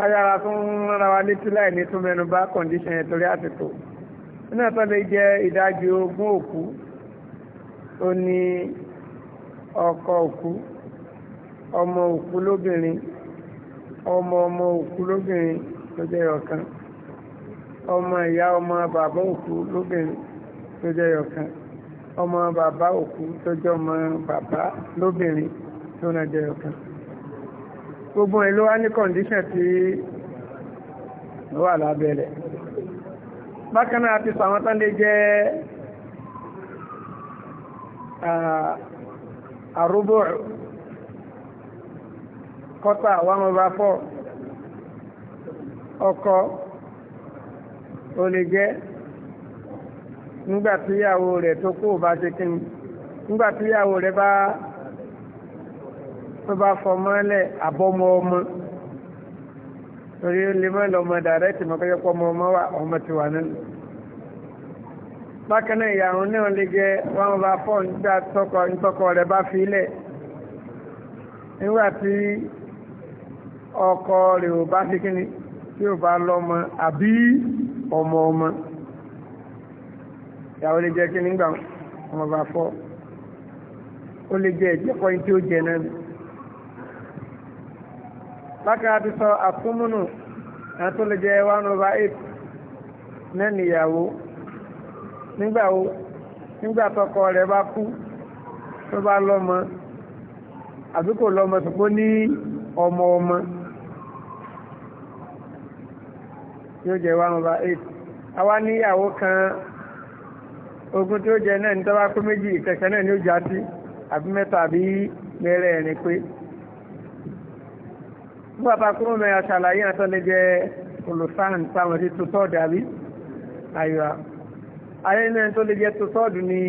káyára tó ń rárá wa létí láì ní tún mẹ́nu bà kọ̀ǹdíṣàn yẹn torí àtìtò nínú ẹ̀tọ́ lè jẹ́ ìdajì ogún òkú ó ní ọkọ òkú ọmọ òkú lóbìnrin ọmọ ọmọ òkú lóbìnrin ló jẹ́ ọ̀kan ọmọ ìyá ọmọ bàbá òkú lóbìnrin tó jẹ́ ọ̀kan ọmọ bàbá òkú tó jẹ́ ọmọ bàbá lóbìnrin tó náà jẹ́ ọ̀kan gbogbo ẹ̀ ló wá ní kọ̀ǹdíṣàn tí ó wà lábẹ́ rẹ̀ bákan náà ti sàwọn tán lè jẹ́ àrúbò kọ́tà one over four lè jẹ́ nígbàtíyàwó rẹ̀ tó kó bá ṣe kí nígbàtíyàwó rẹ̀ bá. Ba tó bá fọmọ́ lẹ̀ àbọ́mọ ọmọ torí ó lè mọ́ lọ́mọ dàrẹ́tì mọ́ kọ́jọ́ pọ́ ọmọ wa ọmọ ti wà nínú bákan náà ìyàwó náà lè jẹ wọn bá fọ́ nígbà tọkọ rẹ̀ bá fi lẹ̀ nígbà tí ọkọ rẹ̀ ò bá fi kíni tí ò bá lọ́mọ àbí ọmọ ọmọ ìyàwó lè jẹ́ kíni nígbà ọmọ bá fọ́ ó lè jẹ́ ìjẹ́kọ́ tí ó jẹ náà lákàá ti sọ àtúmùnù àti lè jẹ one over eight mẹ́ni ìyàwó nígbàwó nígbà tọkọ rẹ̀ bá kú tó bá lọ́mọ àbí kò lọ́mọ ṣùgbọ́n ní ọmọ ọmọ yóò jẹ one over eight àwa níyàwó kan ogun tí ó jẹ náà ní tọ́wá pé méjì ìkẹ̀kẹ́ náà ni ó já sí àbí mẹ́ta àbí mẹ́rẹ̀ẹ̀rin pé bàbá kúrò mẹ́ àṣàlàyé àtọ́lẹ́ jẹ́ olùsáhàn táwọn sí tó tọ́ọ̀dù àbí àyíwá ayé tó lè jẹ́ tó ni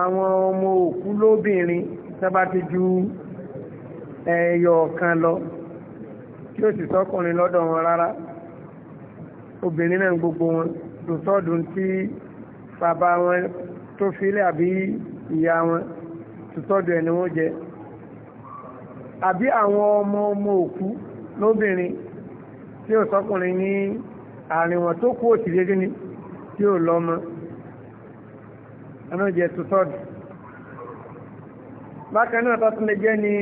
àwọn ọmọ òkú lóbìnrin sábà ti ju ẹyọ kan lọ tí ó sì sọ́kùnrin lọ́dọ̀ wọn rárá obìnrin náà gbogbo wọn tó tí bàbá wọn tó filẹ̀ àbí ìyá wọn tó tọ́ọ̀dù ni wọ́n jẹ́ àbí àwọn ọmọ ọmọ òkú lóbìnrin tí ò sọ́kùnrin ní àárín tó kú òtì gẹ́gẹ́ ni tí ò lọ́mọ anájẹ tó tọ́dù bákan náà tọ́tún lè jẹ́ ni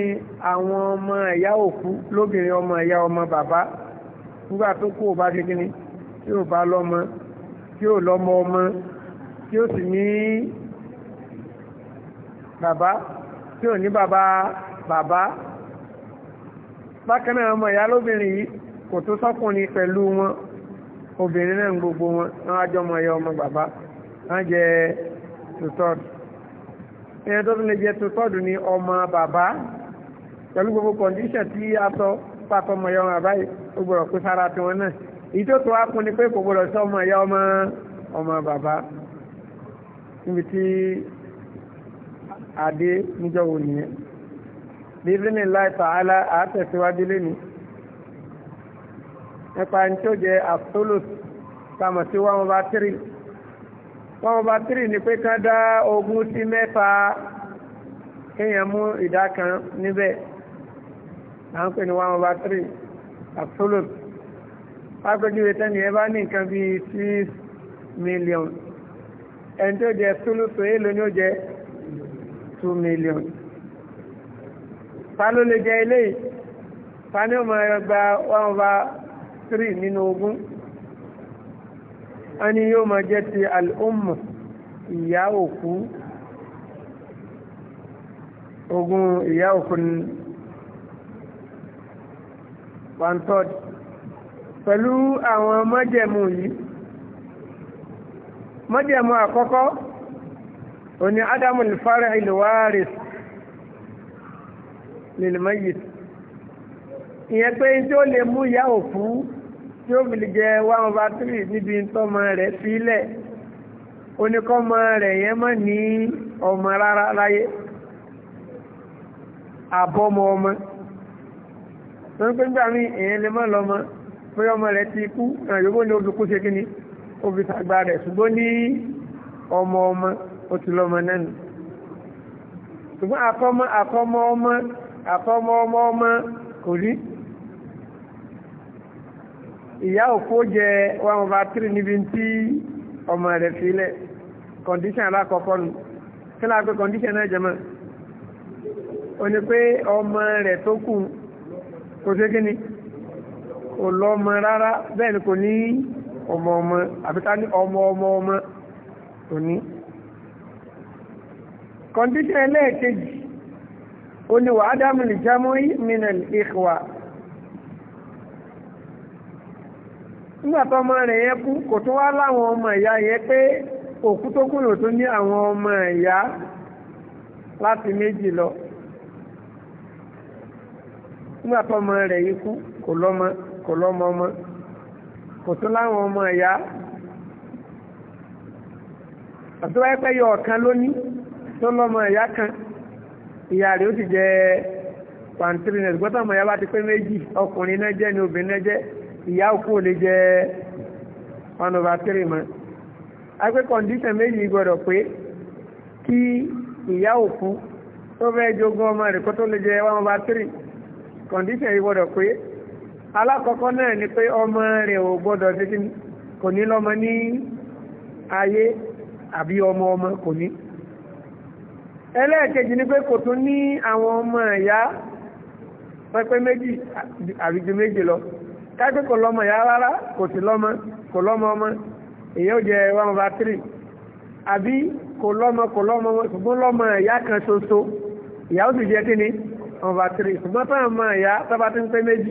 àwọn ọmọ ẹ̀yà òkú lóbìnrin ọmọ ẹ̀yà ọmọ bàbá nígbà tó kú ò bá ni tí ò bá lọ́mọ tí ò lọ́mọ ọmọ tí ó sì ní bàbá tí ò ní bàbá bàbá bákan náà ọmọ ìyá lóbìnrin yìí kò tó sọ́kùnrin pẹ̀lú wọn obìnrin náà gbogbo wọn wọn àjọ ọmọ ìyá ọmọ bàbá wọn jẹ tòtọ́dù ìyẹn tó tún lè jẹ tòtọ́dù ni ọmọ bàbá pẹ̀lú gbogbo kọ̀ǹdíṣàn tí a sọ pàtó ọmọ ìyá ọmọ bàbá yìí ó gbọ́dọ̀ kó sára tiwọn náà èyí tó tó wá kún ni pé kò gbọ́dọ̀ sọ ọmọ ìyá ọmọ ọmọ bàbá níbi tí adé níjọ́ wo nìyẹn bíbélì láì tààlà àátẹ̀síwájú lẹ́nu nípa ẹni tó jẹ absolute kàmọ̀ sí one over three one over three ni pé ká dá ogún sí mẹ́ta kéèyàn mú ìdá kan níbẹ̀ à ń pè ní one over three absolute agbẹjúwe tẹ́ni ẹ bá ní nǹkan bíi six million ẹni tó jẹ sólùsọ èèlò ni ó jẹ two million ta ló lè jẹ eléyìí ta ni ó mọ ẹgbà one over three nínú ogún wọn ni yóò mọ jẹ ti al ìyá òkú ogún ìyá òkú ni one third pẹ̀lú àwọn májẹ̀mú yìí májẹ̀mú àkọ́kọ́ òní adamu al-fari al-waris lèlèmọ́yè ìyẹn pé tí ó lè mú ìyá òkú tí ó fìlì jẹ one over three níbi tọ́mọ rẹ̀ sílẹ̀ oníkọ́mọ rẹ̀ yẹn mọ́ ní ọmọ rárá láyé àbọ́mọ ọmọ tó ń pè ń gbà mí èèyàn lè mọ́ lọ́mọ pé ọmọ rẹ̀ ti kú ẹ̀rọ yóò olùkú ṣe kí ni ó fi tàgbà rẹ̀ ṣùgbọ́n ní ọmọ ọmọ ó ti lọ́mọ náà ṣùgbọ́n àkọ́mọ àkọ́mọ ọmọ àtọmọ ọmọ ọmọ kò rí ìyá òkú jẹ one over three níbi tí ọmọ rẹ̀ filẹ̀ condition alákọ̀ọ́kọ́ nù kí láà pé condition náà jẹ mọ́ o ní pé ọmọ rẹ̀ tó kù kò sí kí ni kò lọ ọmọ rárá bẹ́ẹ̀ ni kò ní ọmọ ọmọ àbíká ní ọmọ ọmọ ọmọ kò ní condition ẹlẹ́ẹ̀kejì ó ní wà ádámù lè jámọ́ minal ikhwa nígbàtọ́ ọmọ rẹ̀ yẹ kú kò tó wá láwọn ọmọ ìyá yẹ pé òkú tó kúrò tó ní àwọn ọmọ ìyá láti méjì lọ nígbàtọ́ ọmọ rẹ̀ yìí kú kò lọ́mọ kò lọ́mọ ọmọ kò tó láwọn ọmọ ìyá àti pé yọ ọ̀kan lónìí tó lọ́mọ ìyá kan. ìyá rẹ̀ ó ti jẹ́ pàǹtírí nẹ̀sì mọ̀ ti pé méjì ọkùnrin náà jẹ́ ni obìnrin náà jẹ́ ìyá òkú ò lè jẹ́ one over three mọ́ agbé kọ̀ǹdíṣàn méjì gbọ́dọ̀ pé kí ìyá òkú tó fẹ́ jogún ọmọ rẹ̀ kó tó lè jẹ́ one over three yìí gbọ́dọ̀ pé alákọ̀ọ́kọ́ ọmọ ọmọ ọmọ ẹlẹ́ẹ̀kejì ni pé kò tún ní àwọn ọmọ ẹ̀yà pẹ́pẹ́ méjì àbíjú méjì lọ kápẹ́ kò lọ́mọ ẹ̀yà rárá kò sí lọ́mọ kò lọ́mọ ọmọ èyí ó jẹ one over three àbí kò lọ́mọ kò lọ́mọ ṣùgbọ́n lọ́mọ ẹ̀yà kan ṣoṣo ìyá ó sì jẹ kí ni one over three ṣùgbọ́n táwọn ọmọ ẹ̀yà sábà ti ń pẹ́ méjì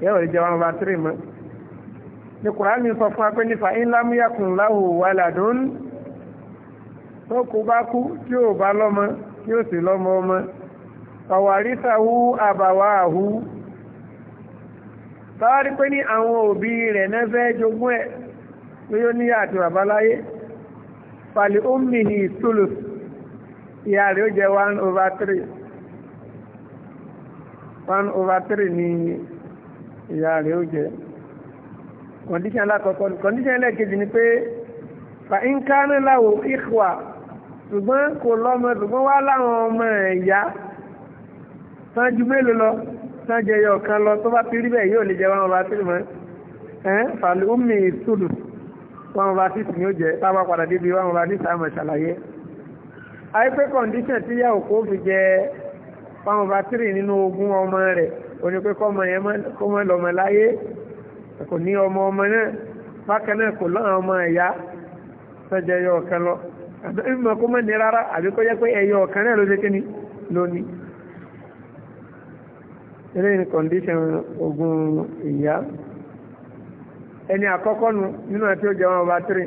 ìyá ò jẹ one over three mọ́ ni Kùránì sọ fún apẹ́ nípa ńlá múyàkùn láhùn wàlàdún tó kò bá kú tí ò bá lọ́mọ tí ò sì lọ́mọ ọmọ ọ̀wàrísàwú àbàwàáhú tọ́wárí pé ní àwọn òbí rẹ̀ náà fẹ́ jogún ẹ̀ pé ó ní àti bàbá láyé pàlì ómìnì tùlù ìyá rẹ̀ ó jẹ́ one over three one over three ní ìyá rẹ̀ ó jẹ́ kọ̀ndíṣẹ́ alákọ̀ọ́kọ́ kọ̀ndíṣẹ́ ẹlẹ́kejì ni pé fa in kánú láwò ìkwà ṣùgbọ́n kò lọ́mọ ṣùgbọ́n wá láwọn ọmọ ẹ̀yà tán ju mélòó lọ tán jẹyọ kan lọ tó bá ti rí bẹ́ẹ̀ yóò lè jẹ wọn bá tìrì mọ́ ẹ̀ fàlẹ́ omi ìtùlù wọn bá tìtì ní ó jẹ tábà padà débi wọn bá níta àmọ̀ ṣàlàyé àìpé kọ̀ǹdíṣàn tí yà òkú fi jẹ wọn bá tìrì nínú ogún ọmọ rẹ̀ òní pé kọ́mọ yẹn kó mọ́ lọ́mọ láyé kò ní ọmọ ọmọ náà bákan náà kò lọ́rùn ọmọ ẹ̀yà tọ́jẹyọ kan lọ ìmọ̀ kó mọ́ rárá àbí kó jẹ́ pé ẹyọ ọ̀kan náà ló ilé ogun ìyá ẹni àkọ́kọ́ nu nínú àti ó jẹun ọba tírì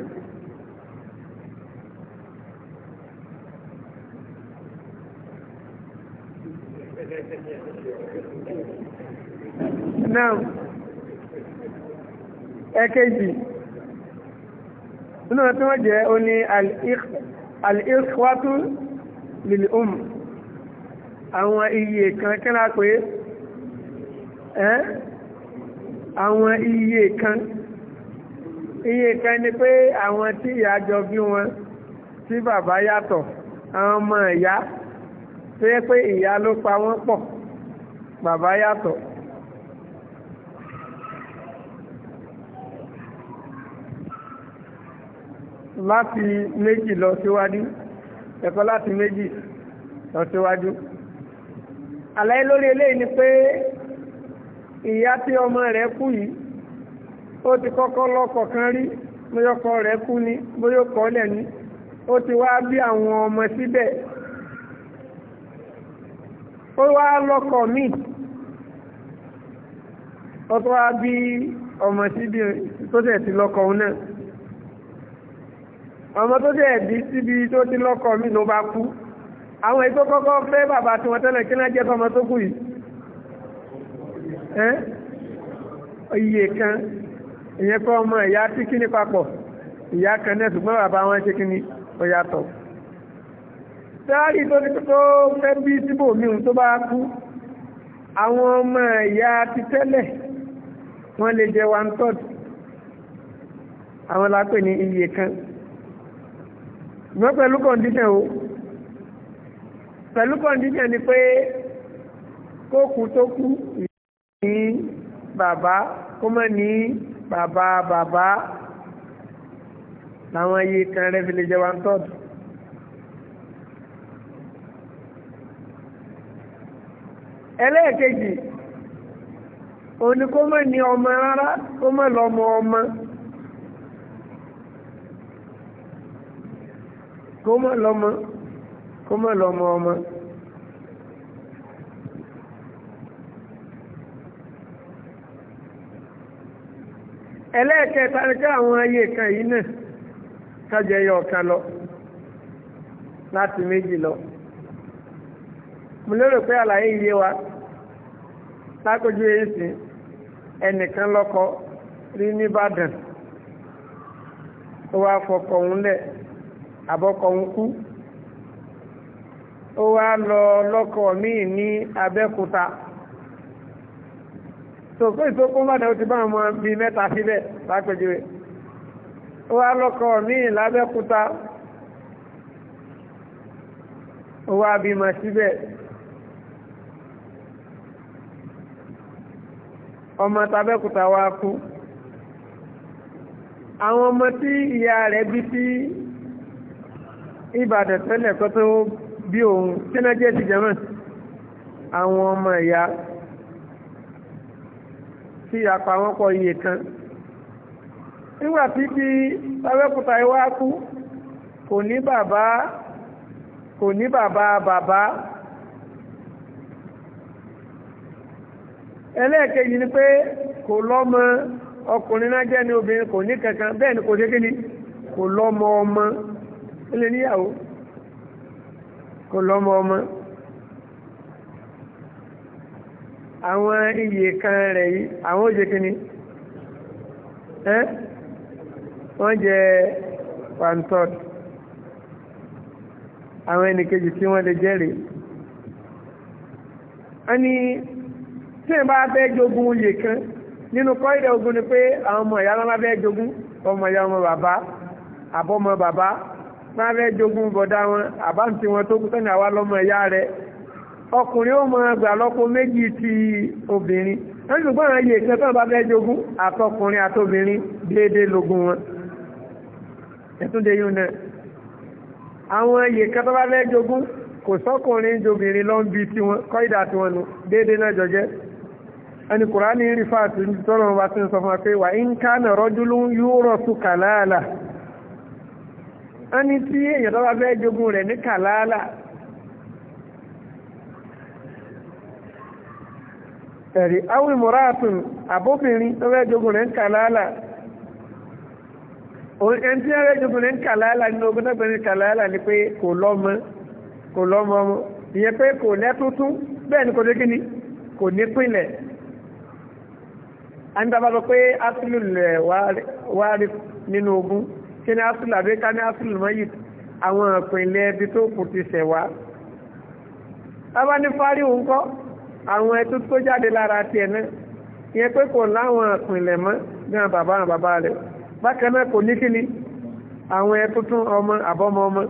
náà nínú tí wọ́n jẹ́ ó ní al-ikhwatu lil um àwọn iye kan kí náà pé ẹ́ àwọn iye kan iye kan ni pé àwọn tí ìyá jọ bí wọn tí bàbá yàtọ̀ àwọn ọmọ ìyá tó yẹ pé ìyá ló pa wọ́n pọ̀ bàbá yàtọ̀ láti méjì lọ síwájú ẹ̀kọ́ láti méjì lọ síwájú àlàyé lórí eléyìí ni pé ìyá tí ọmọ rẹ̀ kú yìí ó ti kọ́kọ́ lọ́kọ̀ kan rí bóyá rẹ̀ kú ni bóyá lẹ̀ ó ti wá bí àwọn ọmọ síbẹ̀ ó wá ó tó ọmọ tó tẹ̀ sí ọmọ tó dẹ̀ bí síbi tó ti lọ́kọ mi ló bá kú àwọn ètò kọ́kọ́ fẹ́ bàbá tí wọ́n tẹ́lẹ̀ kí náà jẹ́ fọmọ tó kù yìí iye kan ìyẹn kọ́ ọmọ ìyá tí kíní papọ̀ ìyá kan náà ṣùgbọ́n bàbá wọn ṣe kíní ó yàtọ̀ sáárì tó ní tó fẹ́ bí síbò àwọn ọmọ ní iye kan ṣùgbọ́n pẹ̀lú kọ̀ǹdíṣẹ̀ o pẹ̀lú kọ̀ǹdíṣẹ̀ ni pé kókù tó kú ní bàbá kó mọ̀ ní bàbá bàbá làwọn iye kan rẹ̀ fi lè jẹ́ one third. ẹlẹ́ẹ̀kejì òní kó mọ̀ ní ọmọ rárá kó mọ̀ lọ́mọ ọmọ kó mọ́ lọ́mọ kó mọ́ lọ́mọ ọmọ ẹlẹ́ẹ̀kẹta ni àwọn ayé kan yìí náà kájẹ yọ ọ̀kan lọ láti méjì lọ mo lérò pé àlàyé yé wa lákòjú èsì ẹnìkan lọ́kọ rí nìbàdàn ó wá fọkọ òun lẹ̀ àbọ́kọ ń kú ó wá lọ lọ́kọ míì ní abẹ́kúta tó pé ìtókó mọ́dá ó ti bá ọmọ bí mẹ́ta sílẹ̀ lápẹjúwe ó wá lọ́kọ míì lábẹ́kúta ó wá bímọ síbẹ̀ ọmọ tabẹ́kúta wá kú àwọn ọmọ tí ìyá rẹ̀ bí sí ìbàdàn tẹ́lẹ̀ kọ́ tó bí òun tẹ́lẹ̀jẹ́ ti jẹ́mọ̀ àwọn ọmọ ìyá tí apá wọn pọ̀ iye kan nígbà tí bí Abẹ́òkúta ìwá kú kò ní bàbá kò ní bàbá bàbá ẹlẹ́ẹ̀kejì ni pé kò lọ́mọ ọkùnrin náà jẹ́ ní obìnrin kò ní kankan bẹ́ẹ̀ ni kò ṣe kí ni kò lọ́mọ ọmọ ó lè níyàwó kò lọ́mọ ọmọ àwọn iye kan rẹ̀ yìí àwọn oúnjẹ kìíní ẹ́ wọ́n jẹ one third àwọn ẹnìkejì tí wọ́n lè jẹ́rìí wọ́n ní tí ẹ bá fẹ́ jogún oyè kan nínú kọ́ìdà ogun ni pé àwọn ọmọ ìyá lọ́la fẹ́ jogún ọmọ ìyá ọmọ bàbá àbọ̀mọ bàbá máa fẹ́ jogún bọ̀dá wọn àbáǹtí wọn tó kú sẹ́ni lọ́mọ ẹ̀yà rẹ̀ ọkùnrin ó máa gbà méjì ti obìnrin wọ́n gbọ́nà iye ìkan bá àtọkùnrin àtobìnrin déédéé lógún wọn ẹ̀túndé àwọn iye kò sọ́kùnrin jobìnrin tí wọn tí wọn nù náà jọjẹ́ ẹni Kùránì wọ́n ní tí èèyàn tó bá fẹ́ jogún rẹ̀ ní kàlálà ẹ̀rí awil mọ́ràtún àbófinrin tó fẹ́ jogún rẹ̀ ní kàlálà ẹni tí wọ́n fẹ́ jogún rẹ̀ ní kàlálà nínú ogun náà bẹ̀rẹ̀ kàlálà ni pé kò lọ́mọ kò lọ́mọ ọmọ ìyẹn pé kò lẹ́tútú bẹ́ẹ̀ ni kò dé kí kò ní pínlẹ̀ àǹtàbà sọ pé asílù lẹ̀ wá rí nínú ogun kí ni asùlù àbí ká ní asùlù mọ́yì àwọn ìpínlẹ̀ ibi tó kù ti ṣẹ̀ wá. bàbá ní fáríwù ń kọ́ àwọn ẹtú tó jáde lára tiẹ̀ náà ìyẹn pé kò láwọn ìpínlẹ̀ mọ́ ní àwọn bàbá àwọn bàbá rẹ̀ bákan náà kò ní kíni àwọn ẹtú tún ọmọ àbọ́mọ ọmọ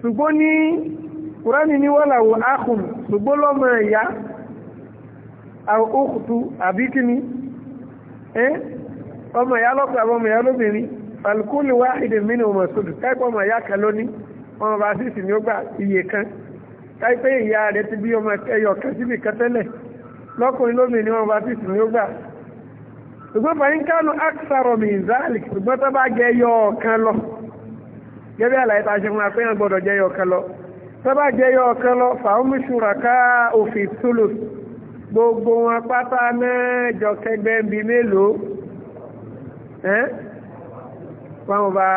ṣùgbọ́n ní kùránì ní wọ́làwọ̀ áhùn ṣùgbọ́n lọ́mọ ìyá òkùtù àbí kíni ọmọ ìyá lọ́pọ̀ àbọ̀mọ̀ ìyá lóbìnrin alkúlù wáhìdì mínú mọ̀sùlù káìpọ̀ ọmọ ìyá kan lónìí ọmọ bá sì sì ní ó gbà iye kan káìpẹ́ ìyá rẹ̀ ti bí ọmọ ẹyọ kan síbi kan tẹ́lẹ̀ lọ́kùnrin lómi ni ọmọ bá sì sì ní ó gbà ṣùgbọ́n fàyín kánú mi ìzáàlì ṣùgbọ́n tó bá jẹ ẹyọ kan lọ gẹ́gẹ́ àlàyé tá a ṣe fún wa pé wọ́n gbọ́dọ̀ jẹ ẹyọ kan lọ tó bá jẹ ẹyọ kan lọ fàámùsùrà gbogbo wọ́n bá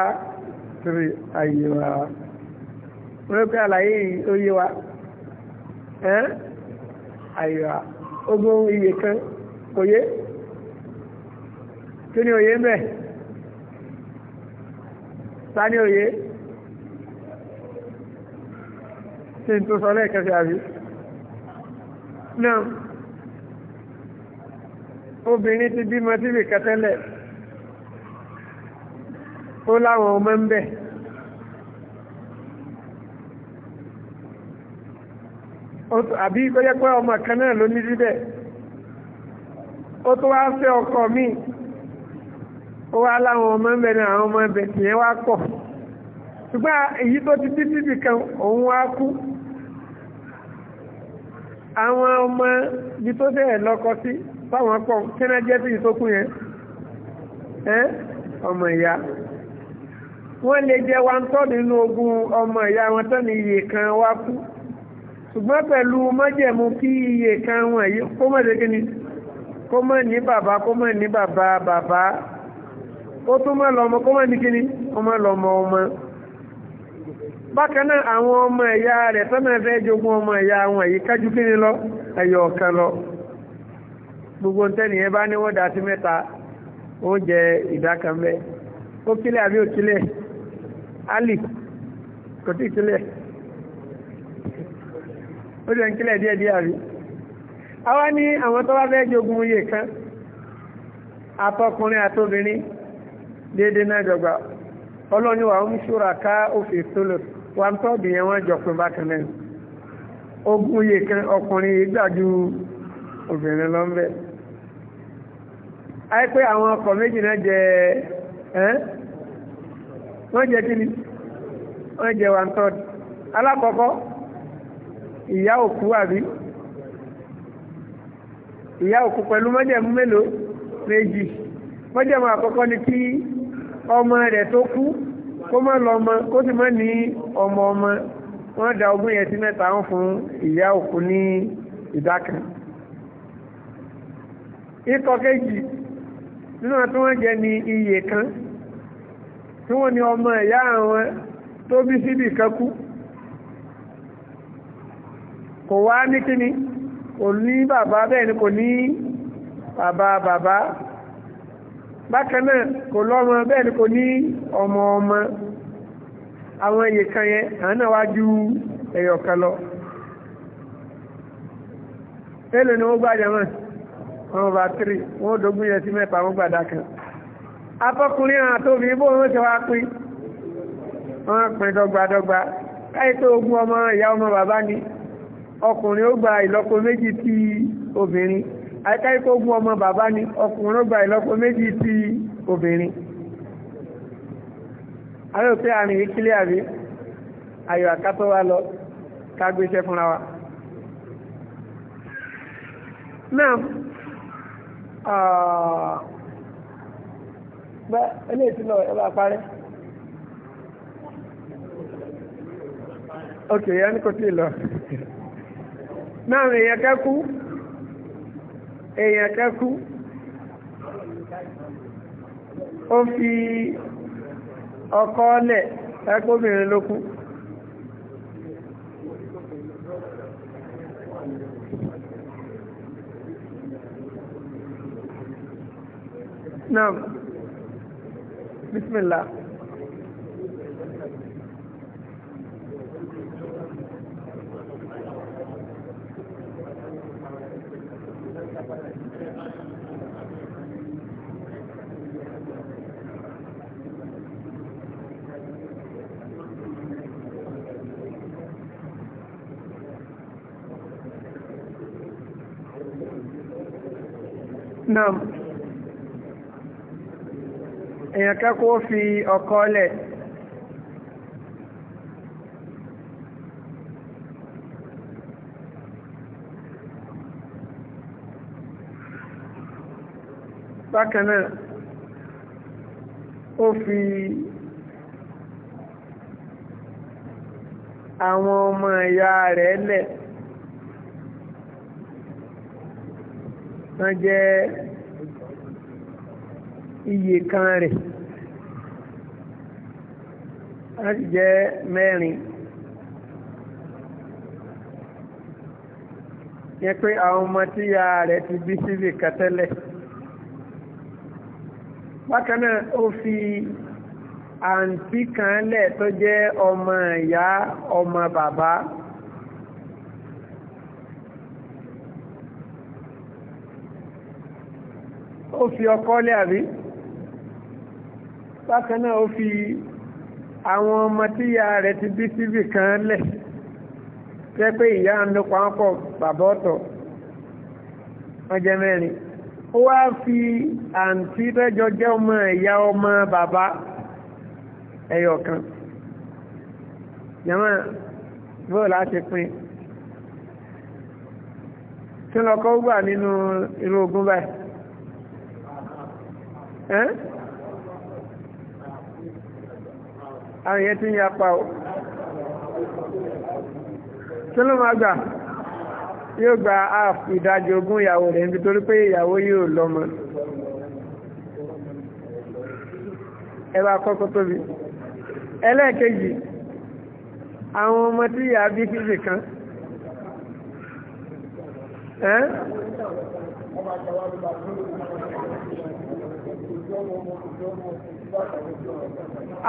tiri ayé wa wọ́n àlàyé yìí wa ẹ́n ayé wa ogún iye kan òye kí ni òye ń bẹ̀ ta tí n tó sọ lẹ́ẹ̀kan àbí náà obìnrin ti bímọ tí lè kẹtẹ́lẹ̀. ó láwọn ọmọ ń bẹ̀ àbí kó pé ọmọ kanáà ló ní síbẹ̀ ó tó wá fẹ́ ọkọ mi ó wá láwọn ọmọ ń bẹ̀ ní àwọn ọmọ ẹbẹ̀ tìyẹn wá pọ̀ ṣùgbọ́n èyí tó ti títí bì kan òun wá kú àwọn ọmọ ibi tó fẹ́ lọ́kọ sí wọ́n lè jẹ́ wa ń tọ́ nínú ogun ọmọ ìyá wọn tọ́ ní iye kan wá kú ṣùgbọ́n pẹ̀lú májẹ̀mú kí iye kan wọn yìí kó mọ̀ sí kíni kó mọ̀ ní bàbá kó ní bàbá bàbá ó tún lọ ẹ̀yọ̀ lọ gbogbo bá ní wọ́n dá sí mẹ́ta ìdá kan bẹ́ẹ̀ ó kílẹ̀ àbí ali kò tí ó jẹ́ ìtìlẹ̀ díẹ̀ díẹ̀ àrí àwa ní àwọn wá jogun iye kan àtọkùnrin àtobìnrin déédéé náà dọ́gba ọlọ́ni ń ṣúra ká òfin tólò wa ń tọ́bì yẹn wọ́n jọ pé ogun kan ọkùnrin ìgbàjú obìnrin àwọn ọkọ̀ méjì náà jẹ wọ́n jẹ́ kí ni wọ́n jẹ́ one third alákọ̀ọ́kọ́ ìyá òkú àbí ìyá òkú pẹ̀lú mọ́jẹ̀mú mélòó méjì mọ́jẹ̀mú àkọ́kọ́ ni kí ọmọ rẹ̀ tó kú kó má lọ ọmọ kó sì má ní ọmọ ọmọ wọ́n da ogún yẹn sí mẹ́ta ń fún ìyá òkú ní ìdá kan ikọ̀ kejì nínú àtúwọ̀n jẹ́ ni iye kan tí wọ́n ní ọmọ ẹ̀yà àwọn tó bí síbì kankú kò wá ní kíní kò ní bàbá bẹ́ẹ̀ ni kò ní bàbá bàbá bákan náà kò lọ́mọ bẹ́ẹ̀ ni kò ní ọmọ ọmọ àwọn èyè kan yẹn àwọn náà wá ju ẹ̀yọ̀ kan lọ èlò ni wọ́n gbàjẹ́ mọ́ wọn bá tírì wọ́n dógún yẹn sí mẹ́ta wọ́n gbàdá kan afọ́kùnrin àtòbí bó wọ́n ṣe wá pín wọ́n pín dọ́gbadọ́gba káyí tó ogún ọmọ ìyá ọmọ bàbá ni ọkùnrin ó gba ìlọ́po méjì ti obìnrin àìkáyí tó ogún ọmọ bàbá ni ọkùnrin ó gba ìlọ́po méjì ti obìnrin ayò pé àrùn ìkílẹ̀ àbí ayò àkátọ́ wa lọ kágbéṣẹ́ fúnra wa náà pẹ́ eléyìí ti lọ ẹ bá parí. ok ẹni kò tí lọ náà èèyàn kẹ́kú èèyàn kẹ́kú ó fi ọkọ lẹ̀ ló kú. Bismillah. Now, èèyàn kẹ́kọ̀ọ́ fi ọkọ lẹ̀ bákan ó fi àwọn ọmọ ìyá rẹ̀ lẹ̀ wọ́n jẹ́ iye kan rẹ̀ wọ́n ti jẹ́ mẹ́rin yẹ pé àwọn ọmọ tí ya rẹ̀ ti bí sílè kẹtẹ́lẹ̀ bákan náà ó fi àǹtí kan lẹ̀ tó jẹ́ ọmọ ìyá ọmọ bàbá ó fi ọkọ lẹ̀ àbí bákan ó fi àwọn ọmọ tí ya rẹ̀ ti bí síbì kan lẹ̀ tẹ́ pé ìyá ń lọ pàápọ̀ bàbá ọ̀tọ̀ wọ́n jẹ́ mẹ́rin ó wá fi àǹtí rẹ́jọ jẹ́ ọmọ ìyá ọmọ bàbá ẹyọ kan yàmọ́ bóò láti pín tí lọ́kọ́ gbà nínú irú ogun báyìí àwọn èèyàn ti ń yapa o kí ló máa gbà yóò gba half ìdajì ogún ìyàwó rẹ̀ níbi torí pé ìyàwó yóò lọ́mọ ẹ bá kọ́kọ́ tóbi ẹlẹ́ẹ̀kejì àwọn ọmọ tí ìyá bí kìí wọ́n máa gbà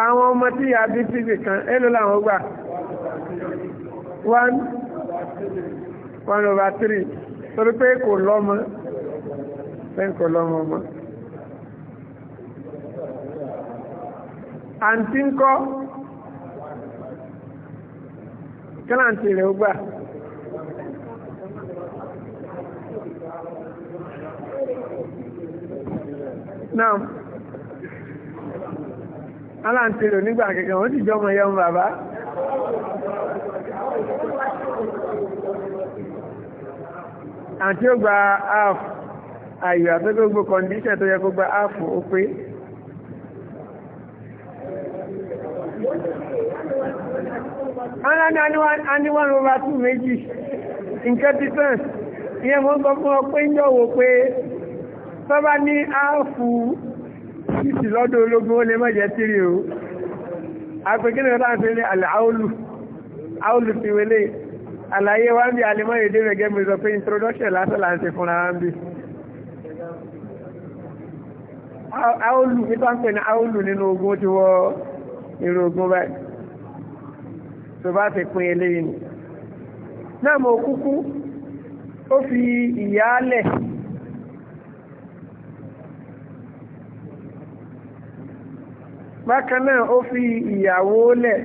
àwọn ọmọ tí a bí tíbi kan èlò làwọn gbà one one over three torí pé kò lọ́mọ pé kò lọ́mọ ọmọ. àǹtí ń kọ́ kíláǹtì rẹ̀ ó gbà. náà aláǹtẹ̀lò nígbà kẹ̀kẹ́ wọ́n sì jọmọ yẹun bàbá àti ó gba half àyò àtọ́gbogbo condition tó yẹ kó gba half ó pé aláàdá aníwọ̀n over two méjì in 30 cents ìyẹn mọ́ gbọ́ fún ọ pé ń pé tó bá ní áàfù títì lọ́dọ̀ ológun ó lè má jẹ́ tírì o àpèkínlẹ̀ bá ń fi ní àlàáòlù ti wélé àlàyé wá ń bí alimọ́ èdè rẹ̀ gẹ́gẹ́ pé introduction lásán là ń ṣe fúnra wá ń bí áòlù nípa ń pè ní áòlù nínú ogun ti wọ irú ogun báyìí tó bá ti pín bákan náà ó fi ìyàwó lẹ̀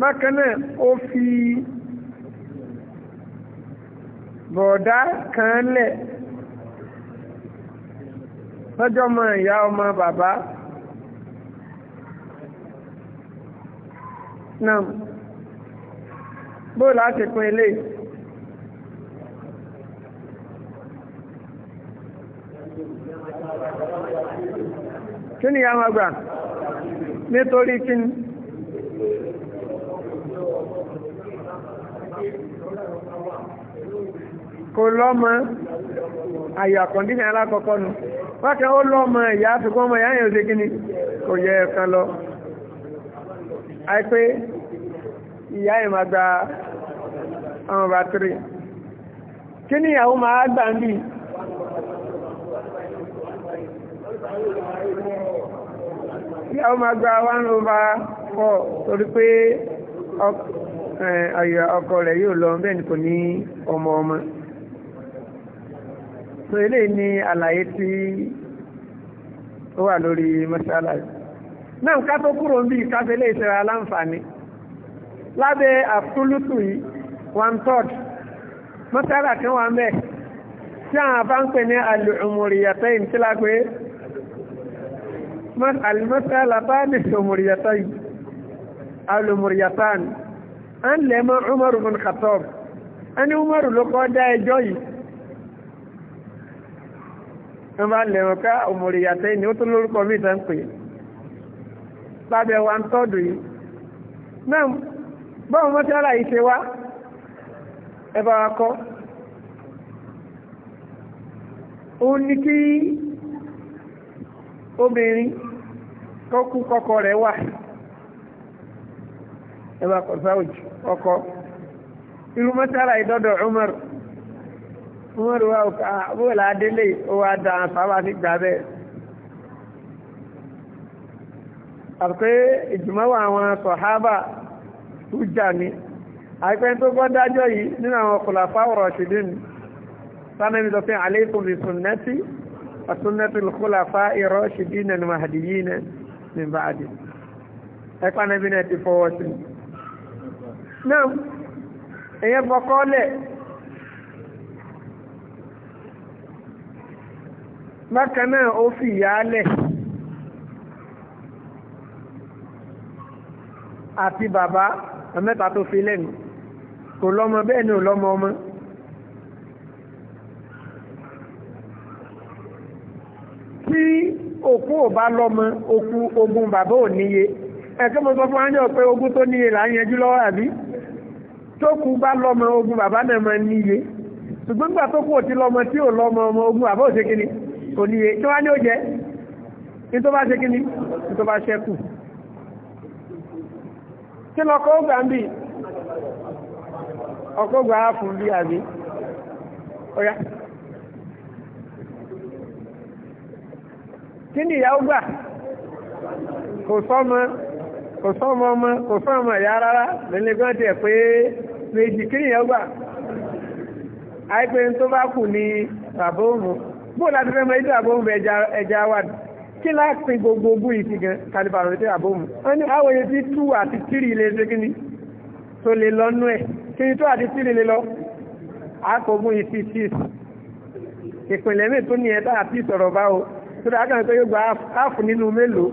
bákan náà ó fi bọ̀ọ̀dá kan lẹ̀ lọ́jọ́ ọmọ ìyá ọmọ bàbá náà bóòlù àti pin eléyìí. kí ni àwọn àgbà nítorí kí ni kò lọ́mọ àyà kọ̀ndíṣẹ̀ alákọ̀ọ́kọ́ nu wákan ó lọ́mọ ìyá àfikún ọmọ ìyá yẹn ò ṣe kí ni kò yẹ ẹ̀kan lọ àìpé ìyá yẹn máa gba àwọn bá kí ni ìyàwó máa gbà ń bì ó máa gba one over four torí pé ọkọ rẹ̀ yóò lọ bẹ́ẹ̀ ni kò ní ọmọ ọmọ so eléyìí ni àlàyé tí ó wà lórí mọ́ṣálà náà ká tó kúrò ń bí káfẹ́ lè ṣẹra aláǹfààní lábẹ́ àfúlùtù one third mọ́ṣálà kan wà ń bẹ̀ tí àwọn afáǹpẹ̀ ní àlùmọ̀rìyàtẹ́ ìtìlágbé المسألتان الأمريتين أو الأمريتان أن لما عمر بن الخطاب أن عمر لقوا جاي جوي أما لما كا أمريتين يطلوا لكم تنقي بعد وان تدري نعم بعض mọ́ tí ara yìí ṣe wá kí obìnrin kọ́kú kọ́kọ́ rẹ̀ wà ẹwà kọ̀sáwùj ọkọ̀ irú mọ́sára ìdọ́dọ̀ Umar Umar wa ọkà bóòlà adélé ah, wa dáa sábà sí gbà bẹ́ẹ̀ àpé ìjùmọ́wà àwọn sọ̀hábà hújà ni àìpẹ́ tó gbọ́ dájọ́ yìí nínú àwọn khulafa ar-rashidin sánẹ́mi sọ pé alaykum bi sunnati wa sunnati al-khulafa ar-rashidin al-mahdiyyin ní báàdì ẹ̀pá nẹ́bí náà ti fọwọ́ sí náà èyẹ bọ́kọ́lẹ̀ bákan náà ó fi ìyálẹ̀ àti bàbá mẹ́ta tó fi lẹ́nu kò lọ́mọ bẹ́ẹ̀ ni ò lọ́mọ òkú ò bá lọ́mọ okú ogun bàbá ò níye ẹ̀kẹ́ mo sọ fún ányọ̀ pé ogun tó níye là ń yẹjú lọ́wọ́ àbí tó kú bá lọ́mọ ogun bàbá náà máa níye ṣùgbọ́n nígbà tó kú ò ti lọ́mọ tí ò lọ́mọ ọmọ ogun bàbá ò ṣe kíni kò níye tí wọ́n á ní ó jẹ́ ní tó bá ṣe kíni ní tó bá ṣẹ́kù kí lọ́kọ́ ó gbà ń bì ọkọ̀ gbà á fún bí àbí ọ̀yá. kí ni ìyàwó gbà kò sọ́mọ kò sọ́mọ ọmọ kò sọ́mọ ìyá rárá lẹ́ni gan tiẹ̀ pé méjì kí ni ìyàwó gbà àìpé tó bá kù ní bàbá òun bó láti fẹ́ mọ ìdí àbó òun ẹja wà kí láti gbogbo ogún yìí ti gan kálíbàrún ètò àbó òun wọ́n ní àwọn èyí tí tú àti tírì ilé ṣe kíni tó lè lọ́nú ẹ̀ kí ni tó àti tírì ilé lọ àkọ́gún yìí ti tíì ìpínlẹ̀ mi tó ní ẹ̀ta àti ìsọ̀rọ̀ bá tó dáa kan pé yóò gba áàfù nínú mélòó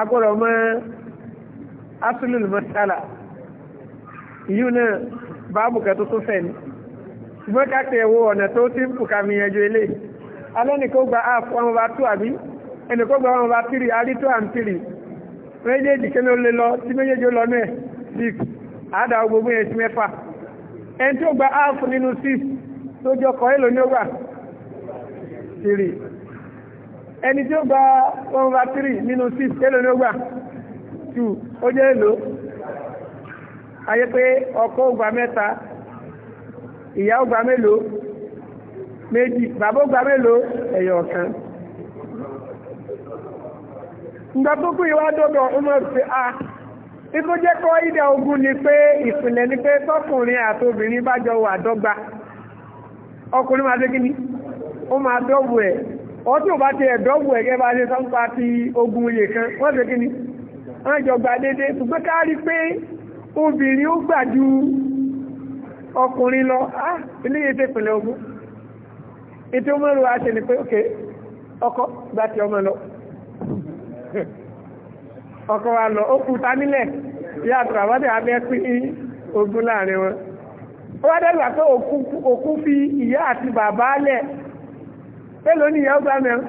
agbọ́dọ̀ mọ́ asúlùlù mọ́sálà náà báàbù kan tó tún fẹ̀ ni ṣùgbọ́n káàkiri wo ọ̀nà tó ti ń bùkà mi yanjú ilé alẹ́nìkó gba áàfù wọn bá tú àbí ẹnìkó gba wọn bá tírì alító àǹtírì méjèèjì kí ló lè lọ tí méjèèjì ó lọ náà six àádá gbogbo yẹn sí mẹ́fà ẹni tó gba áàfù nínú six tó jọ kọ́ èlò ní ó gbà 3. ẹni tí ó gba one over nínú 6 ó gbà ó jẹ́ èlò ayé pé mẹ́ta ìyá mélòó méjì bàbá mélòó ẹ̀yọ̀ ọ̀kan tó kú ọmọ a ikú jẹ́ kọ́ ogun ni pé ìpìlẹ̀ ni pé tọkùnrin àtobìnrin bá jọ ó máa dọ́bù ẹ̀ ọtí ò bá ti ẹ̀dọ́bù ẹ̀ gẹ́gẹ́ bá ṣe sọ́npa ti ogun oyè kan wọ́n ṣe kíni wọ́n jọ gbà dédé ṣùgbọ́n ká rí pé obìnrin ó gbà ju ọkùnrin lọ ah, ogun ok ọkọ gbà ti ọmọ lọ ọkọ wa lọ ó kú ta nílẹ̀ yàtọ̀ àwọ́dẹ̀ abẹ́ pín ogun láàrin wọn ó wá dẹ́gbà pé òkú fi ìyá àti bàbá lẹ̀ pẹ́lú oníyà ọgbà mẹ́rin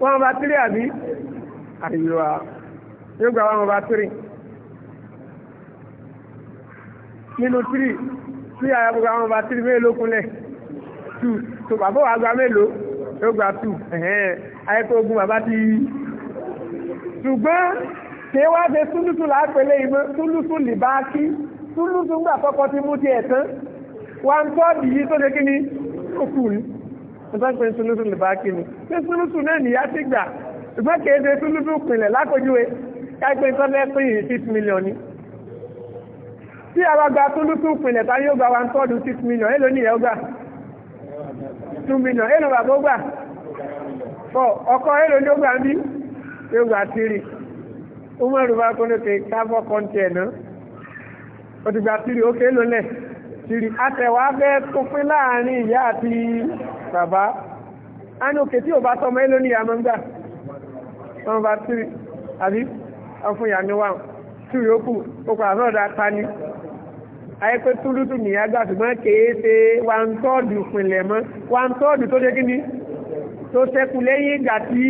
wọ́n bá tírí àbí àyíwá yóò gba wọ́n bá tírí nínú tírí tí àyà gbogbo àwọn bá tírí mélòó kúnlẹ̀ tù tó bàbá wà gba mélòó yóò gba tù ayẹ́kọ́ ogun bàbá ti ṣùgbọ́n tí wá ṣe túlùtù lápẹ̀lẹ̀ ìmọ̀ túlùtù lìbá kí túlùtù ń gbà kọ́kọ́ ti mú ti ẹ̀ tán wà ń tọ́ òkú ni ọ̀sánpẹ̀ sùlùsù lè bá kí ni ṣé sùlùsù náà nìyá ti gbà ṣùgbọ́n kì í ṣe sùlùsù pinlẹ̀ lákòjúwe káìpé sọ́lẹ̀ pín yìí six million ni tí a bá gba sùlùsù pinlẹ̀ tá yóò gba one third six million èló ni ìyẹn ó gbà two million èló bàbá ó gbà four ọkọ èló ni ó gbà ń bí yóò gba three ó mọ̀ rúbá kó ló ké ká fọ́ kọ́ńtì ẹ̀ náà ó ti gba three ó ké lólẹ̀ tìrì àtẹ̀wà fẹ́ tó pín láàrin ìyá àti bàbá a ní òkè tí ò bá tọmọ ẹ lónìí àmọ́ ń gbà wọ́n bá tìrì àbí ọ̀fun ìyá ni wà tí yòókù okùn àfọ́dà ta ni ayé pé túlùtù nìyá gbà ṣùgbọ́n kèé ṣe wà mọ́ wà tó ṣe kí ni tó ṣẹ́kù lẹ́yìn ìgbà tí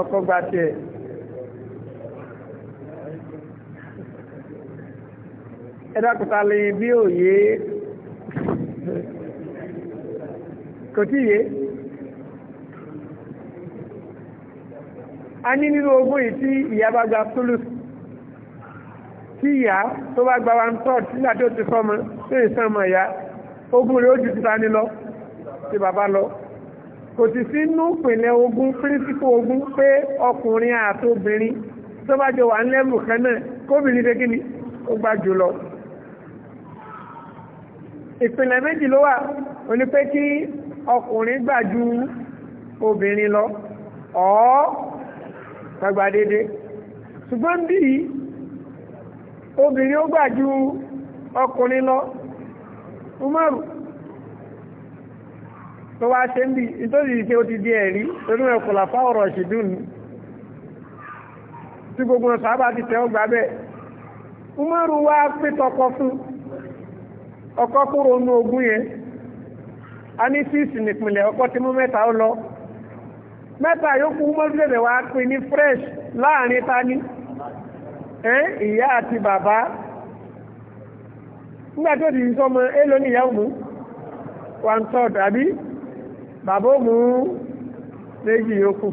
ọkọ̀ ẹ̀dàkùtà lè bí òye kò tí yé a ní nínú ogún yìí tí ìyá bá gba tulu tí ìyá tó bá gba one third nígbà tó ti fọmọ tó ń sàn mọ ìyá ogún rẹ̀ ó ju títa ní lọ bàbá lọ kò sì sí nú ìpìlẹ̀ ogún pírísípò ogún pé ọkùnrin àti tó bá jọ wà ń lẹ́bù kan náà kóbìnrin ṣe kí ni ó gbà jù lọ ìpìlẹ̀ méjì ló wà oní pé kí ọkùnrin gbà ju obìnrin lọ ọ́ gbàgbà dédé ṣùgbọ́n bí obìnrin ó gbà ju ọkùnrin lọ umaru tó wá ṣe ń bí nítorí ìṣe ó ti di ẹ̀rí torí ẹ̀kùnlá fáwọ̀rọ̀ ṣìdún tí gbogbo ọ̀sán bá ti tẹ́ ọgbà bẹ́ẹ̀ umaru wá pé fún ọkọ kúrò nú ogún yẹn a ní síìsì nípìnlẹ̀ ọkọ tí mú mẹ́ta ó lọ mẹ́ta yòókù mọ́tòlẹ́dẹ̀ wá pè ní fresh láàrin tani ìyá àti bàbá nígbà tó di sọmọ èlò mú one third àbí bàbá ó mú méjì yòókù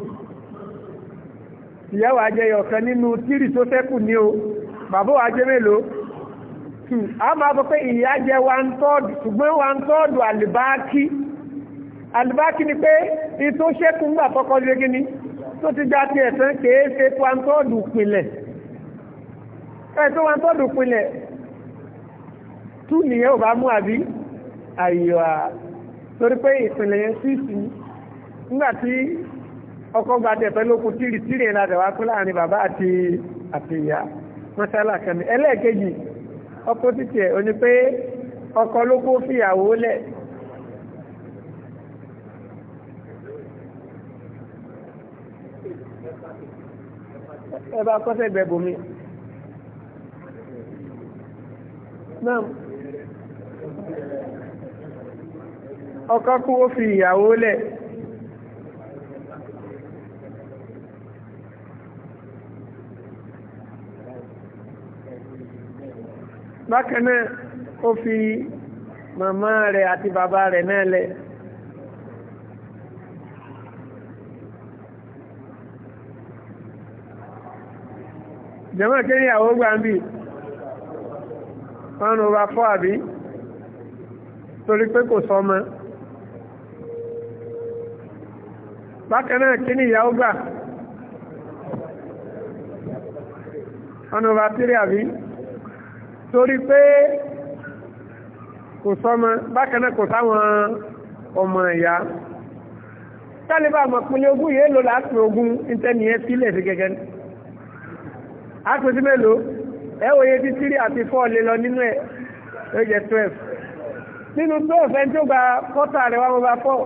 ajẹyọ̀ kan nínú tírì tó ní o bàbá ó mélòó. a máa sọ pé ìyá jẹ one third ṣùgbọ́n one third àlìbáàkì àlìbáàkì ni pé ìtò ṣẹ́kù ńgbà tọkọ lé gíní tó ti já ti ẹ̀sán kèé ṣe one third pinlẹ̀ ẹ̀sán one third pinlẹ̀ tú nìyẹn ò bá mú àbí àyò à torí pé ìpìlẹ̀ yẹn sí sí nígbà ọkọ̀ gba tẹ̀ pẹ̀lú okùn tìrì ẹ̀ la tẹ̀ wá pé láàrin bàbá àti àti ìyá mọ́ṣálà kẹ́mi ẹlẹ́ẹ̀kejì opposite ẹ̀ o ní pé ọkọ ló kó fìyàwó lẹ̀ ẹ bá kọ́sẹ̀ gbẹ̀bù mi náà ọkọ kó fi ìyàwó lẹ̀ bákan náà ó fi màmá rẹ̀ àti bàbá rẹ̀ náà lẹ̀. jẹ́mọ́ kéré ìyàwó gbà ń bì one over four àbí torí pé kò sọmọ bákan kí ni ìyàwó gbà one over three àbí torí pé kò sọmọ bákanáà kò sáwọn ọmọ ìyá tálíbà mọ̀pínlẹ̀ ogún yìí ló láti ogún ìtẹ́ni ẹ sílẹ̀ sí gẹ́gẹ́ ní àtúntí mélòó ẹ wòye tí tírí àti fọ́ lè lọ nínú ẹ̀ ó jẹ́ 12 nínú 12 ẹni tó gba kọ́tà rẹ̀ wá bá fọ́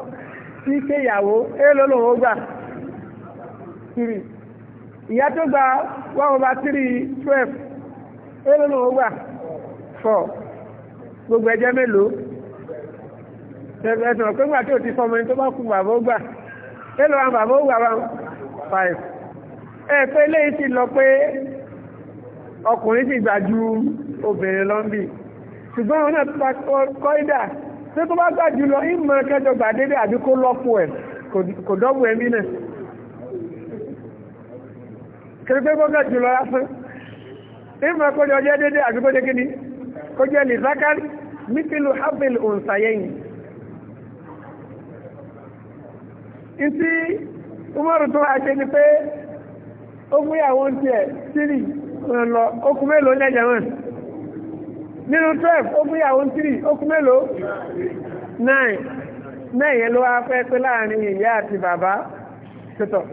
sí kéyàwó ẹ ló lòun ó gbà tírí ìyá tó gba wá bá tírí 12 ẹ lòun ó gbà 12 four gbogbo ẹjẹ́ mélòó ẹ̀sùn ọ̀pẹ́ gbà tí ò ti fọmọ ẹni tó bá kú bàbá ó gbà mélòó àwọn bàbá ó gbà wá five ẹ pé léyìí sì lọ pé ọkùnrin sì gbà ju obìnrin lọ ń bì ṣùgbọ́n àwọn náà tó bá kọ́ ìdà tó tó bá gbà jù lọ ìmọ̀ kẹjọ gbà dédé àbí kó lọ́pọ̀ ẹ̀ kò dọ́bù ẹ̀mí náà kéré pé gbọ́gbà jù lọ lásán ìmọ̀ kọjọ jẹ́ dédé àbí kó jẹ́ kíní kó jẹ́ lè zákàrí mítílù habil òǹsàyẹ́yìn in tí umaru tó wá ṣe ni pé ó mú ìyàwó ń tiẹ̀ sírì lọ okùn mélòó lẹ́jẹ̀ wọn nínú 12 ó mú ìyàwó ń sírì okùn mélòó 9 mẹ́yẹn ló wá fẹ́ pé láàrin ìyá àti bàbá tuntun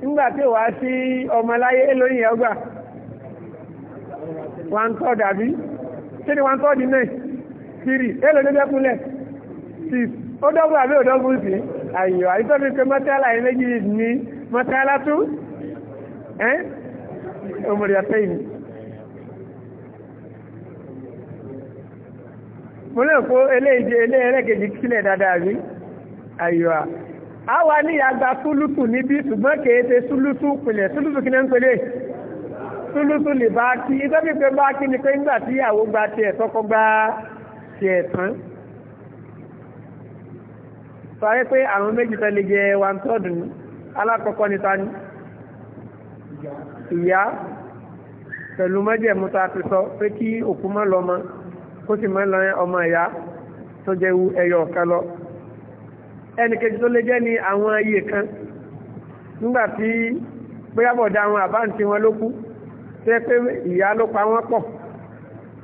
nígbà tí wàá sí ọmọ láyé lóyìn ọgbà wọn tọ́ dàbí kí ni one third nine three èlò ló jẹ́ kúnlẹ̀ six ó dọ́gbọ́n àbí ò dọ́gbọ́n sí àyò àyíkọ́ mi pé mọ́tálà yìí méjì ní mọ́tálà tún ẹ́ òmùrì ọ̀tẹ́ yìí. mo lè kó eléyìí eléyìí sílẹ̀ dáadáa rí àyò à á wà ní ìyàgbá súlùtù níbí ṣùgbọ́n kèé túlùtù lè bá kí ìtọ́jú pé bá kí ni pé nígbà tí ìyàwó gba tiẹ̀ tọkọ gba tiẹ̀ tán sọ ayé pé àwọn méjì tán lè jẹ one third ní alákọ̀ọ́kọ́ ní tani ìyá pẹ̀lú mọ́jẹ̀mú ta ti sọ pé kí òkú mọ́ lọ́mọ kó sì mọ́ lọ ọmọ ìyá tó jẹ́ ẹyọ ọ̀kan lọ ẹnìkejì tó lè jẹ́ ni àwọn iye kan nígbà tí bóyá bọ̀dá àwọn àbáǹtí wọn ló kú tẹ́ pé ìyá ló pa wọ́n pọ̀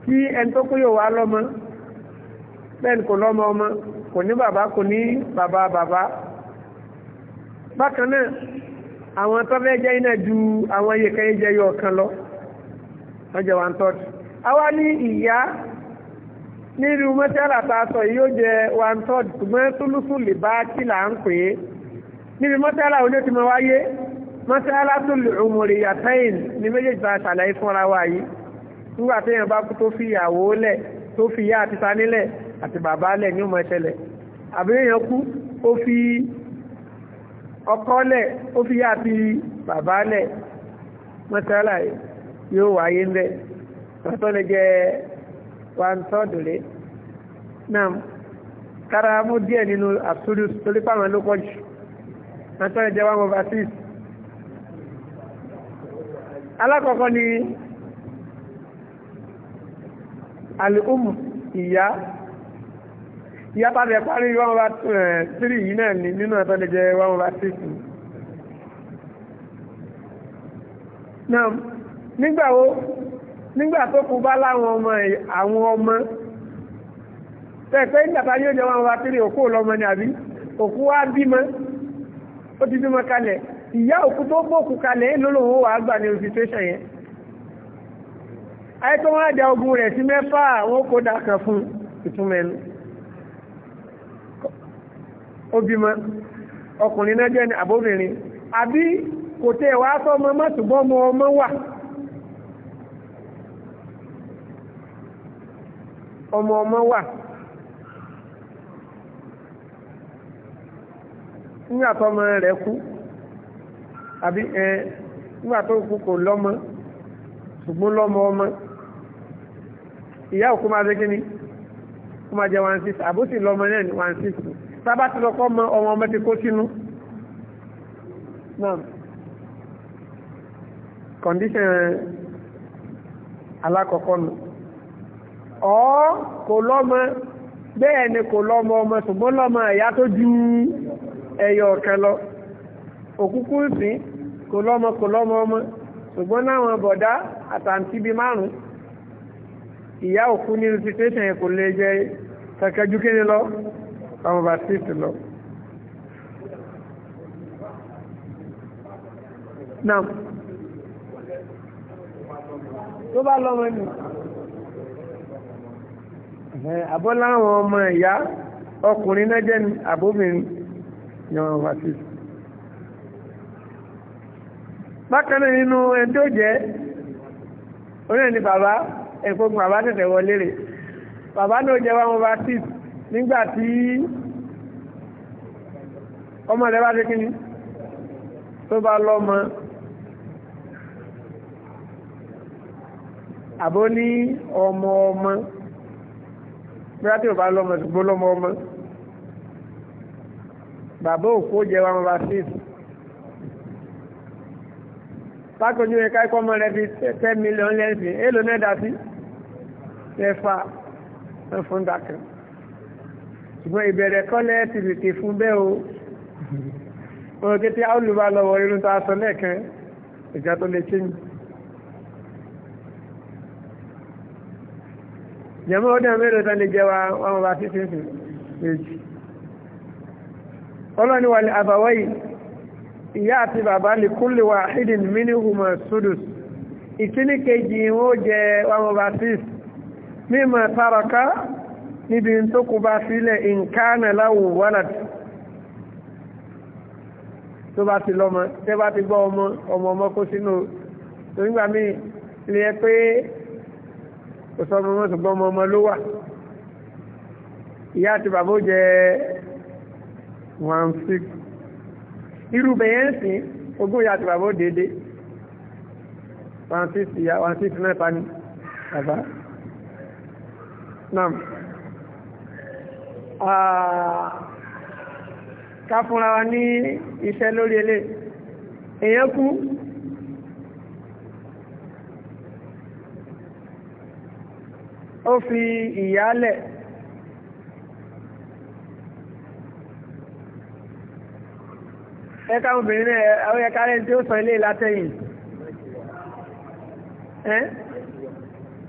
kí ẹni tó kúyò wá lọ́mọ bẹ́ẹ̀ kò lọ́mọ ọmọ kò ní bàbá kò ní bàbá bàbá bákan náà àwọn tó fẹ́ jẹ́ iná ju àwọn yẹ̀kẹ́ jẹyọ ọ̀kan lọ wọ́n jẹ́ one third àwa ní ìyá nílùú mọ́ṣálà tá a sọ yìí yóò jẹ́ one third ṣùgbọ́n túlùsùn lè bá kí là ń pè é níbi mọ́ṣálà oní wáyé masalatul umuriyatayn ní méjèèjì bá ṣàlàyé fúnra wa yìí nígbà tí èèyàn bá kú tó fi ìyàwó lẹ̀ tó fi ìyá àti ta nílẹ̀ àti bàbá lẹ̀ ní ọmọ ìṣẹ̀lẹ̀ àbí èèyàn kú ó fi ọkọ lẹ̀ ó fi ìyá àti bàbá lẹ̀ masala yóò wáyé ń bẹ̀ pàtó lè jẹ́ one third lé náà kára mú díẹ̀ nínú àtúndù torípàmọ́ ló pọ̀ jù pàtó lè jẹ́ one over six alákọ̀ọ́kọ́ ni alìkúmù ìyá ìyá tàbí ẹ̀ parí 103 eh, yìí náà ni nínú ẹ̀tọ́ lè jẹ́ 106 náà nígbàwó nígbà tó kú bá láwọn ọmọ àwọn ọmọ tẹ́ẹ̀pẹ́ ìgbàta yóò jẹ́ 103 òkú lọ́mọ ni àbí òkú wá bímọ ó ti bímọ kalẹ̀ ìyá òkú tó gbókù kalẹ̀ lólòwò wà gbà ní situation yẹn ayé wọ́n ogun rẹ̀ sí mẹ́fà wọ́n kó dákan fún ìtúnmẹ́nu obìmọ̀ ọkùnrin náà jẹ́ àbóbìnrin àbí kò tẹ́ wá fọ́mọ ọmọ ọmọ àbí ẹ nígbà tó kú kò lọ́mọ ṣùgbọ́n lọ́mọ ọmọ ìyá òkú máa ṣe kí ni ó máa jẹ one six àbúsì lọ́mọ náà ní one sábà tí lọ́kọ́ mọ ọmọ ọmọ ti kó sínú náà condition eh, alákọ̀ọ́kọ́ nu ọ́ kò lọ́mọ bẹ́ẹ̀ ni kò lọ́mọ ọmọ ṣùgbọ́n lọ́mọ ẹ̀yà tó ju ẹyọ ọ̀kan lọ òkúkú sí kò lọ́mọ kò lọ́mọ ọmọ ṣùgbọ́n náwọn bọ̀dá àtàǹtí bíi márùn-ún ìyá òkú ní rìsítẹ́sìn yẹn kò lè jẹ kẹkẹjú kí ni lọ ọmọ bàtíìsì lọ. náà tó bá lọ́mọ ni àbọ̀ láwọn ọmọ ìyá ọkùnrin náà jẹ́ àbóbìnrin ni ọmọ bàtíìsì bákanáà nínú ẹni tó jẹ́ onílẹ̀ ni bàbá ẹ̀kọ́gun bàbá tẹ̀tẹ̀ wọlé rẹ̀ bàbá náà jẹ́ wá wọn bá tip nígbà tí ọmọ rẹ̀ bá dé kí tó bá lọ́mọ àbó ní ọmọ ọmọ bí bá lọ́mọ ṣùgbọ́n lọ́mọ ọmọ bàbá òkú jẹ́ wọn bá tip pákojú rẹ̀ káíkọ́ mọ́ rẹ̀ fi tẹ́ mílíọ̀n lẹ́sìn èlò mẹ́ta sí ẹfà fún dákan ṣùgbọ́n ìbẹ̀rẹ̀ kọ́ lẹ́ẹ̀tì lè fún bẹ́ẹ̀ o wọ́n ké tí áwùlùbá lọ́wọ́ irú tó aṣọ lẹ́ẹ̀kan ìjà tó lè ṣe ní jẹ́mọ́ ọdún mẹ́rin tán lè jẹ́ wa wọn bá ìyá àti bàbá lè kúlè wà hidden minimum sudus ìkíní kejì wọ́n jẹ wọn bá six mímọ̀ tàràká níbi tó kú bá sílẹ̀ ìǹkánà láwù wálàdì tó bá ti lọ́mọ tẹ́ bá ti gbọ́ ọmọ ọmọ ọmọ kó sínú nígbà míì ilé ẹ pé òsọmọ ọmọ ṣùgbọ́n ọmọ ọmọ ló wà ìyá irú bẹ̀yẹn sí ogún ìyá àti bàbá ó dédé one fifty ya one fifty mẹ́ta ni bàbá ah, wa ní iṣẹ́ lórí elé èèyàn kú ó fi ìyálẹ̀ ẹka obìnrin náà àwọn ẹka rẹ̀ tí ó sọ ilé látẹ̀yìn ẹ́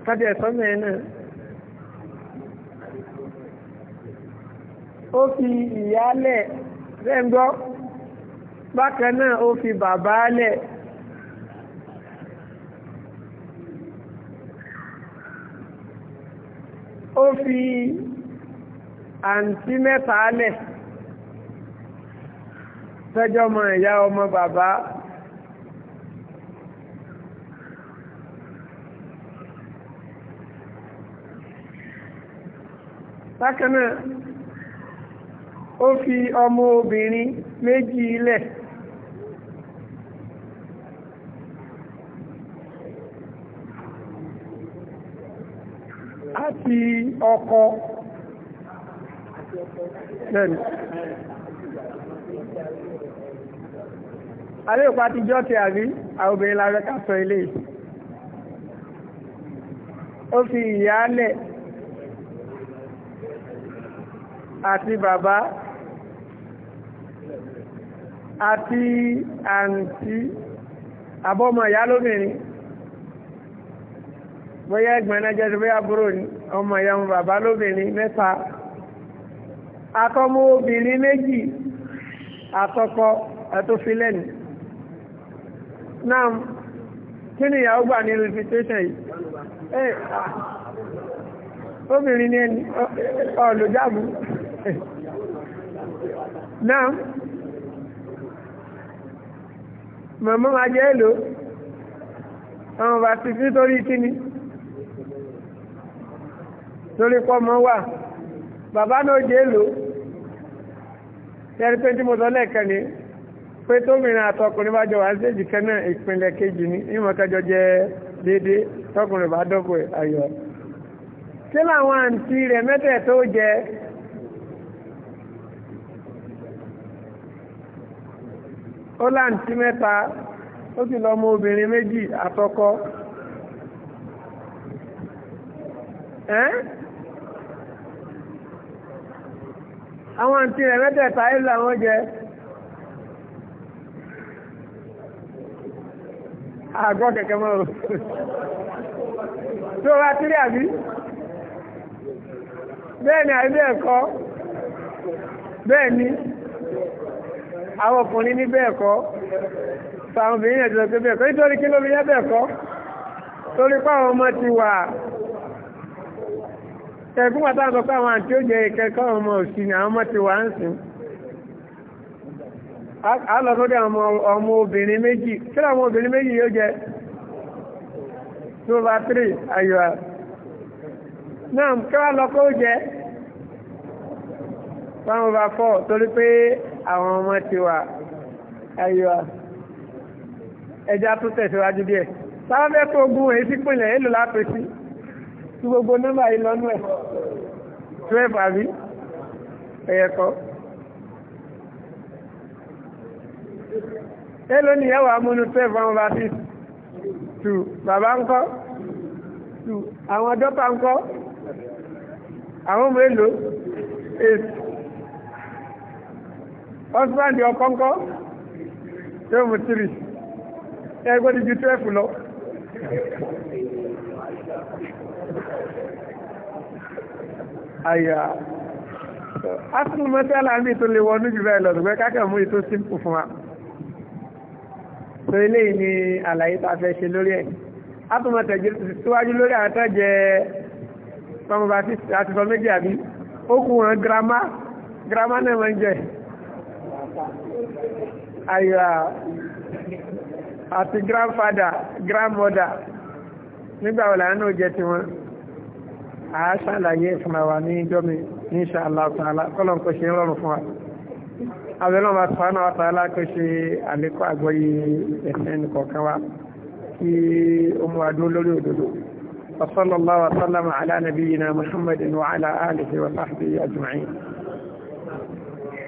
tọ́jú ẹ̀sọ́ mẹ́rin náà ó fi ìyálẹ̀ rẹ̀ǹgbọ́ bákan náà ó fi bàbá lẹ̀ ó fi àǹtí mẹ́ta lẹ̀ tọ́jọ́ ọmọ ìyá ọmọ bàbá bákanáà ó fi ọmọ obìnrin méjì ilẹ̀ àti ọkọ lẹ́nu àríòpá ti jọ́ ti àrí àwọn obìnrin lára ká sọ ilé ó fi ìyálẹ̀ àti bàbá àti àǹtí àbọ́mọ̀ ìyá lóbìnrin bóyá ẹgbẹ̀rún ẹjẹ́ tó bóyá búrò ní ọmọ ìyá wọn bàbá lóbìnrin mẹ́ta akọ́mọ obìnrin méjì àtọkọ ẹ̀tọ́filẹ̀ ni náà kí ni ìyàwó gbà ní invitation yìí obìnrin ní ẹni ọ̀lọ́jáàbù náà mọ̀mọ́ máa jẹ́ èlò àwọn bá ti fi torí kíni torí pọ́ mọ́ wà bàbá náà jẹ́ èlò yẹ́rí pé tí mo sọ lẹ́ẹ̀kan ni pé tómìnrin àtọkùnrin bá jọ wà séjì kan náà ìpínlẹ̀ kejì ni ìmọ̀ kẹjọ jẹ déédé tọkùnrin bá dọ́pọ̀ ayọ̀ kí làwọn àǹtí rẹ̀ mẹ́tẹ̀ tó jẹ ó láǹtí mẹ́ta ó sì lọ́mọ obìnrin méjì àtọkọ ẹ́n. àwọn àti rẹ̀ mẹ́tẹ̀ẹ̀ta ìlú làwọn jẹ àgọ́ kẹ̀kẹ́ mọ́ o tó wá tírí àbí bẹ́ẹ̀ ni àbí bẹ́ẹ̀ kọ́ bẹ́ẹ̀ ni àwọn ọkùnrin ní bẹ́ẹ̀ kọ́ sàwọn obìnrin ẹ̀jọ́ pé bẹ́ẹ̀ kọ́ nítorí kí ló fi yẹ́ bẹ́ẹ̀ torí pé ọmọ ti wà tẹ̀gbọ́n bàtà sọ pé àwọn àti oúnjẹ ìkẹ́kọ̀ọ́ ọmọ òsì ni àwọn ọmọ ti wà ń sìn á lọ sórí àwọn ọmọ obìnrin méjì kí làwọn obìnrin méjì yóò jẹ tó bá tírì ayọ̀ náà kí wàá lọ kó jẹ one over four torí pé àwọn ọmọ ti wà ayọ̀ ẹja tó tẹ̀síwájú díẹ̀ sáwọn fẹ́ kó ogun èyí sí pínlẹ̀ èlò lápẹ́sí tí gbogbo nọ́mbà yìí lọ́nú ẹ̀ twelve àbí ẹ̀yẹ kọ́. èló ni ìyàwó amúnú twelve àwọn bá fi tù bàbá ńkọ́ tù àwọn dọ́pà ńkọ́ àwọn ọmọ èlò eight husband ọkọ ńkọ́ twelve three ẹgbẹ́ ti ju twelve lọ. àyà asùn mọ́tẹ́lá ní tó lè wọnú jù bẹ́ẹ̀ lọ́dún pé kákẹ́ mú ètò símpù fún wa so eléyìí ni àlàyé tá a fẹ́ ṣe lórí ẹ̀ atúmọ̀tẹ̀ lórí àtẹ́jẹ tọmọba àti náà jẹ àyà àti grandfather grandmother nígbà wo làwọn náà a ṣàlàyé fúnra wa ní jọ́mi ní inshallah ta'ala kọ́lọ̀n kò ṣe rọrùn fún wa abẹ́lọ́ bá sọ́nà wa ta'ala kò ṣe àlékọ́ àgbọ́yé ẹ̀sẹ̀ nìkọ̀ọ̀kan wa kí ó mú adó lórí òdodo wa sallallahu ala nabiyyina muhammadin wa ala alihi wa sahbihi ajma'in